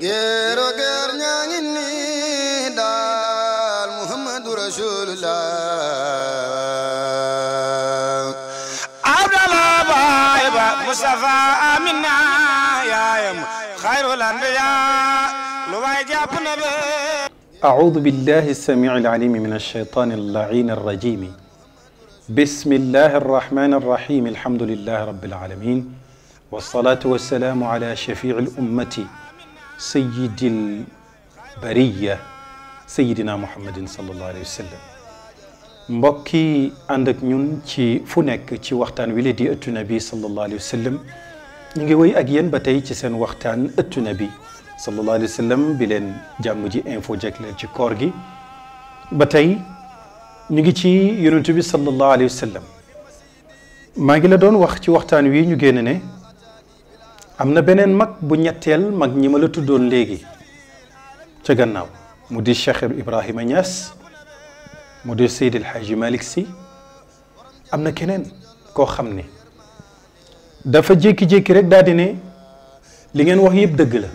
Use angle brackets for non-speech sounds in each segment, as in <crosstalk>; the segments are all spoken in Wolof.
géero géer ñaa ngi nii daal muhammadu rasulullah abdallah baay ba mustafa amina yaayam xayrul anbiya lu waay jàpp na be أعوذ بالله السميع العليم من الشيطان اللعين الرجيم بسم الله الرحمن الرحيم الحمد لله رب العالمين والصلاة والسلام على شفيع الأمة sayyidil bariya sayyidina muhammadin sallallahu alayhi wa sallam mbokk yi ànd ak ñun ci fu nekk ci waxtaan wi la di ëttu nabi sallallahu alayhi wa ñu ngi wéy ak yéen ba tey ci seen waxtaan ëttu nabi sallallahu alayhi wa bi leen jàmm ji info jagleel ci koor gi ba tey ñu ngi ci yonent bi sallallahu alayhi wa maa ngi la doon wax ci waxtaan wi ñu génn ne am na beneen mag bu ñetteel mag ñi ma la tuddoon léegi ca gannaaw mu di Cheikh Ibrahima Niass mu di Seydi El Hadji Malick am na keneen koo xam ni dafa jékki-jékki rek daal di ne li ngeen wax yëpp dëgg la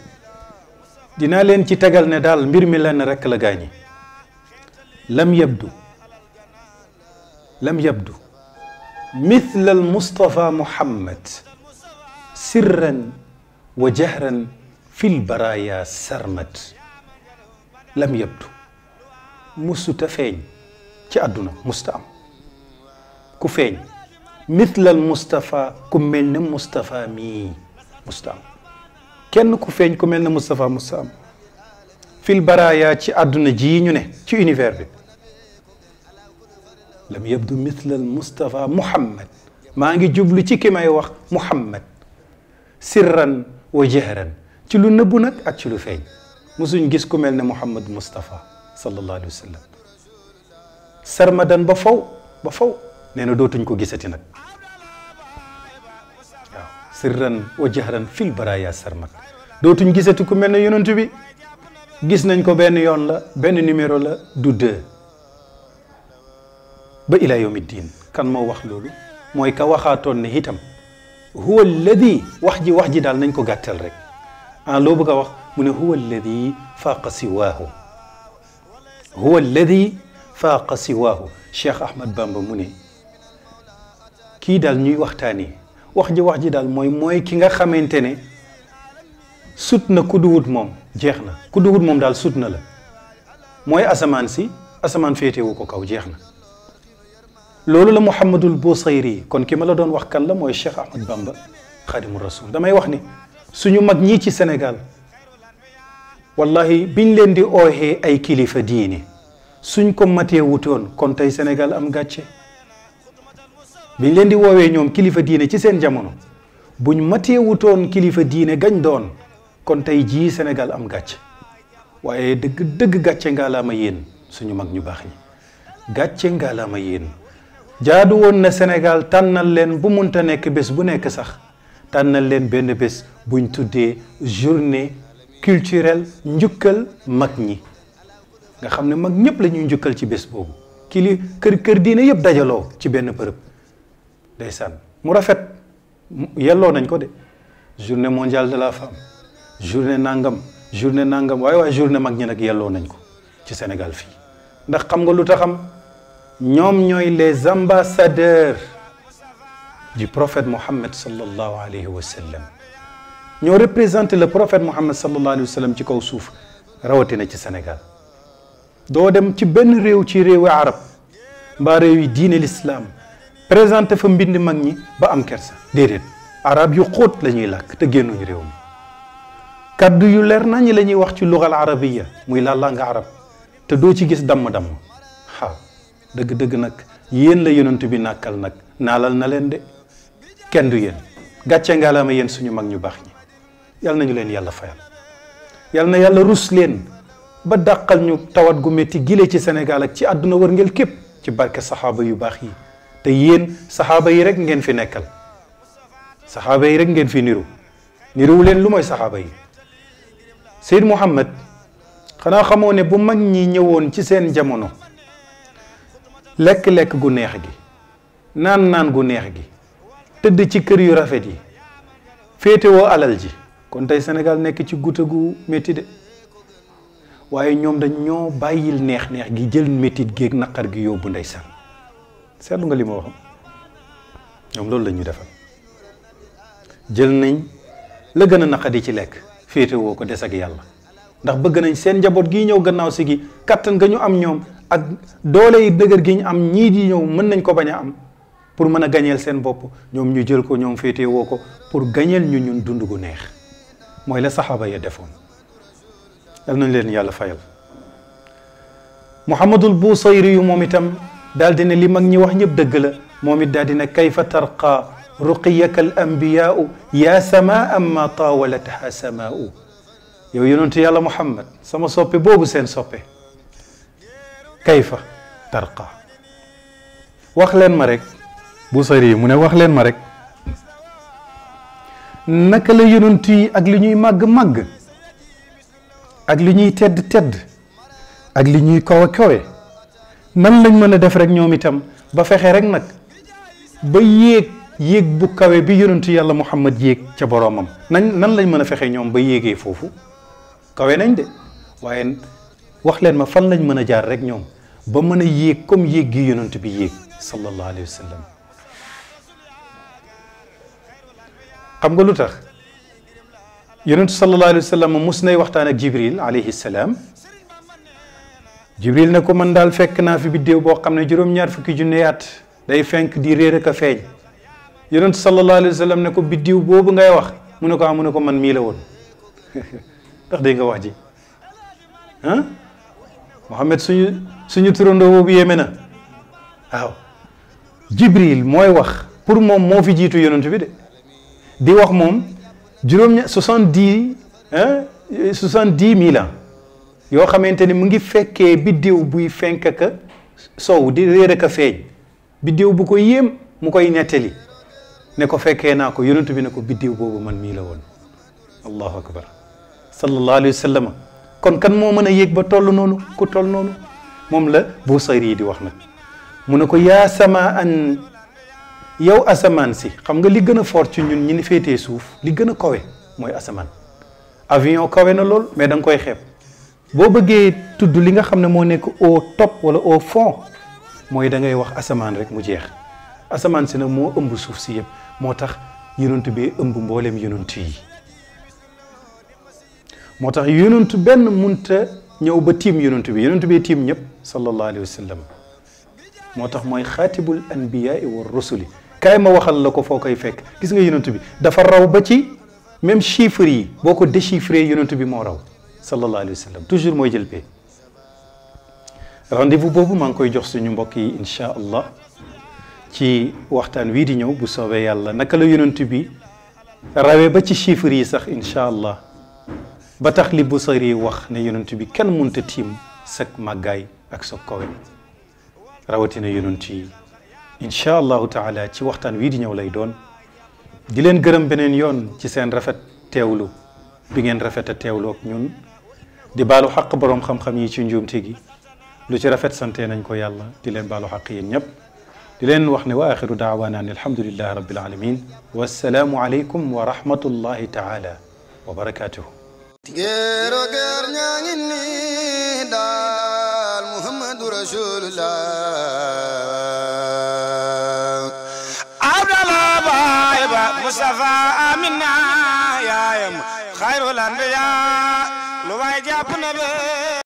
dinaa leen ci tegal ne daal mbir mi lenn rekk la gaañi lam yabdu lam yabdu mithlal Moustapha Muhammad sirran wa jahran fil baraaya sarmat lam yabdu musuta feeñ ci àdduna musta ku feeñ mitlal Moustapha ku mel ne Moustapha mii musta kenn ku feeñ ku mel ne mustafa musta am fil baraaya ci àdduna ji ñu ne ci univers bi lam yabdu mitlal Moustapha Muhammad maa ngi jublu ci ki wax Muhammad sirran wa jahran ci lu nëbbu nag ak ci lu feeñ musuñ gis ku mel ne Mouhamad Moustapha sallallahu alayhi wa sallam sarmadan ba faw ba faw nee na dootuñ ko gisati nag waaw sirran wa jahran fil baraya sarmad dootuñ gisati ku mel ne yonent bi gis nañ ko benn yoon la benn numéro la du deux ba ila yawmi kan moo wax loolu mooy ka waxaatoon ne itam huwa alladi wax ji wax ji daal nañ ko gàttal rek ah loo bëgg a wax mu ne huwa alladi faaqa siwaahu huwa alladi faaqa siwaahu Cheikh Ahmad Bamba mu ne kii daal ñuy waxtaanee wax ji wax ji daal mooy mooy ki nga xamante ne sut na ku duwut moom jeex na ku duwut moom daal sut na la mooy asamaan si asamaan féetewu ko kaw jeex na loolu la Mouhamadul Bousayri kon ki ma la doon wax kan la mooy Cheikh Ahmad Bamba Xadimu Rasul damay wax ni suñu mag ñii ci senegal wallahi biñ leen di ooxee ay kilifa diini suñ ko matee wutoon kon tey Sénégal am gàcce biñ leen di woowee ñoom kilifa diine ci seen jamono buñ matee wutoon kilifa diine gañ doon kon tey jii Sénégal am gàcce waaye dëgg dëgg gàcce ngaalaama yéen suñu mag ñu baax ñi gàcce ngaalaama yéen jaadu woon na Sénégal tànnal leen bu munta nekk bés bu nekk sax tànnal leen benn bés buñ tuddee journée culturel njukkal mag ñi nga xam ne mag ñëpp lañuy njukkal ci bés boobu kii li kër kër diine yëpp dajaloo ci benn bërëb ndeysaan mu rafet yelloo nañ ko de journée mondiale de la femme journée nangam journée nangam waaye waaye journée mag ñi nag yelloo nañ ko ci Sénégal fii ndax xam nga lu taxam ñoom ñooy les ambassadeurs du prophète Mohammed sallallahu alayhi wa sallam ñoo représenté la prophète Mohammed sallallahu alayhi wa sallam ci kaw suuf rawatina ci Sénégal doo dem ci benn réew ci réewi arab mbaa réew yi diine l'islam présenté fa mbind mag ñi ba am kersa déedéet arab yu xóot lañuy ñuy làkk te génnuñu réew mi kaddu yu leer nañu lañuy wax ci lugal arabiya muy làlla nga arab te doo ci gis damm-damm dëgg-dëgg nag yéen la yonent bi nàkkal nag naalal na leen de kenn du yéen gàcce ngaalaama yéen suñu mag ñu baax ñi yal nañu leen yàlla fayal yal na yàlla rus leen ba dàqal ñu tawat gu metti gile ci senegal ak ci àdduna wërngel képp ci barke saxaaba yu baax yi te yéen saxaaba yi rek ngeen fi nekkal saxaaba yi rek ngeen fi niru niruwu leen lu mooy saxaaba yi Seyd Muhammad xanaa xamoo ne bu mag ñi ñëwoon ci seen jamono lekk-lekk gu neex gi naan-naan gu neex gi tëdd ci kër yu rafet yi féetewoo alal ji kon tey senegal nekk ci guute gu métti de waaye ñoom dañ ñoo bàyyil neex-neex gi jël métit géeg naqar gi yóbbu ndeysaan seetlu nga li ma ñoom loolu la ñu defal jël nañ la gën a di ci lekk féetewoo ko des ak yàlla ndax bëgg nañ seen njaboot gi ñëw gannaaw si gi kattan nga ñu am ñoom ak doole yi dëgër gi ñu am ñii di ñëw mën nañ ko bañ a am pour mën a gañeel seen bopp ñoom ñu jël ko ñoom féete woo ko pour gañeel ñu ñun dund gu neex mooy la saxaaba ya defoon yal nañ leen yàlla fayal muhammadul busayri yu moom itam daal di ne li mag ñi wax ñëpp dëgg la moom it daal di ne kayfa tarqa ruqiyaka al anbiyaau ya sama amma tawalatha samaau yow yonentu yàlla muhammad sama soppe boobu seen soppe fa tarqa wax leen ma rek bu sëri mu ne wax leen ma rek naka la yonent yi ak li ñuy màgg-màgg ak li ñuy tedd-tedd ak li ñuy kawe kawe nan lañ mën a def rek ñoom itam ba fexe rek nag ba yéeg yéeg bu kawe bi yonentu yàlla muhammad yéeg ca boroomam nañ nan lañ mën a fexe ñoom ba yéegee foofu kawe nañ de waaye wax leen ma fan lañ mën a jaar rek ñoom ba mën a yéeg comme yéeg gi yonent bi yéeg sallallahu alayhi wa xam nga lu tax yonent sallallahu alayhi wa sallam mus nay waxtaan ak jibril alayhi salaam jibril ne ko man daal fekk naa fi biddéew boo xam ne juróom-ñaar fukki junne at day fenk di réer ak a feeñ yonent sallallahu alayhi wa sallam ne ko biddéew boobu ngay wax mu ne ko ah mu ko man miila la woon <laughs> ndax dégg nga wax ji Mouhamed suñu suñu turandoo boobu yéeme na waaw Jibril mooy wax pour moom moo fi jiitu yonent bi de di wax moom juróom-ña soixante dix soixante dix mille yoo xamante ni mu ngi fekkee biddiw buy fenk ak sow di réer ak a feeñ biddiw bu ko yéem mu koy nettali ne ko fekkee naa ko yonent bi ne ko biddiw boobu man mii la woon allahu akbar sallallahu alayhi kon kan moo mën a yéeg ba toll noonu ku toll noonu moom la Busayri yi di wax nag mu ne ko yaa samaan yow asamaan si xam nga li gën a fort ci ñun ñi ni féetee suuf li gën a kawe mooy asamaan avion kawe na lool mais da nga koy xepp boo bëggee tudd li nga xam ne moo nekk au top wala au fond mooy da ngay wax asamaan rek mu jeex asamaan si nag moo ëmb suuf si yëpp moo tax yonent bi ëmb mboolem yonent yi moo tax yonentu benn munta ñëw ba tiim yonentu bi yonentu bee tiim ñëpp sallallahu alayhi wa sallam moo tax mooy xaatibul anbiyaai wa rusuli kaay ma waxal la ko foo koy fekk gis nga yonentu bi dafa raw ba ci même chiffres yi boo ko déchiffré yonentu bi moo raw sallallahu alayhi wa toujours mooy jël pee rendez boobu maa ngi koy jox suñu mbokk yi incha allah ci waxtaan wii di ñëw bu soobee yàlla naka la yonentu bi rawee ba ci chiffres yi sax incha allah ba tax li bu sëri wax ne yonent bi kenn munta tiim sak màggaay ak sa kawe rawatina yonent yi incha allah taala ci waxtaan wii di ñëw lay doon di leen gërëm beneen yoon ci seen rafet teewlu bi ngeen rafet a teewlu ak ñun di baalu xaq boroom xam-xam yi ci njuumte gi lu ci rafet sante nañ ko yàlla di leen baalu xaq yéen ñëpp di leen wax ne wa axiru daawaana an alhamdulillahi wa alamin wassalaamu aleykum wa rahmatullahi taala wa barakatuhu géero géer ñaa ngi nii daal muhammadu rasulullah abdala baay ba mustafa amina yaayam xayrul anbiya lu waay jàpp na bee